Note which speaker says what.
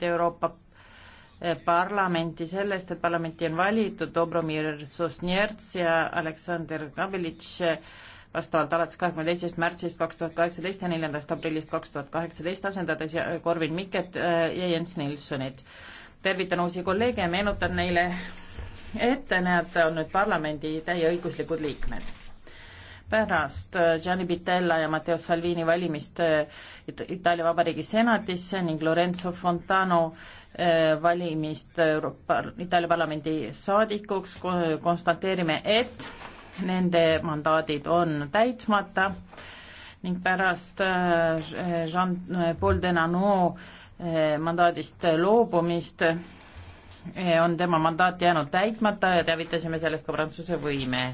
Speaker 1: Euroopa eh, Parlamenti sellest, et parlamenti on valitud Dobromir Sosnjerts ja Aleksander Gabelitš eh, vastavalt alates kahekümne teisest märtsist kaks tuhat kaheksateist ja neljandast aprillist kaks tuhat kaheksateist, asendades eh, Korvin Mikket ja Jens Nilssonit. tervitan uusi kolleege ja meenutan neile ette, näed, on nüüd parlamendi täieõiguslikud liikmed pärast äh, Gianni Pitella ja Matteo Salvini valimist äh, Itaalia Vabariigi senatisse ning Lorenzo Fontano äh, valimist Euroopa, Itaalia parlamendi saadikuks konstateerime, et nende mandaadid on täitmata ning pärast Jean-Paul Denano mandaadist loobumist on tema mandaat jäänud täitmata ja teavitasime sellest ka Prantsuse võime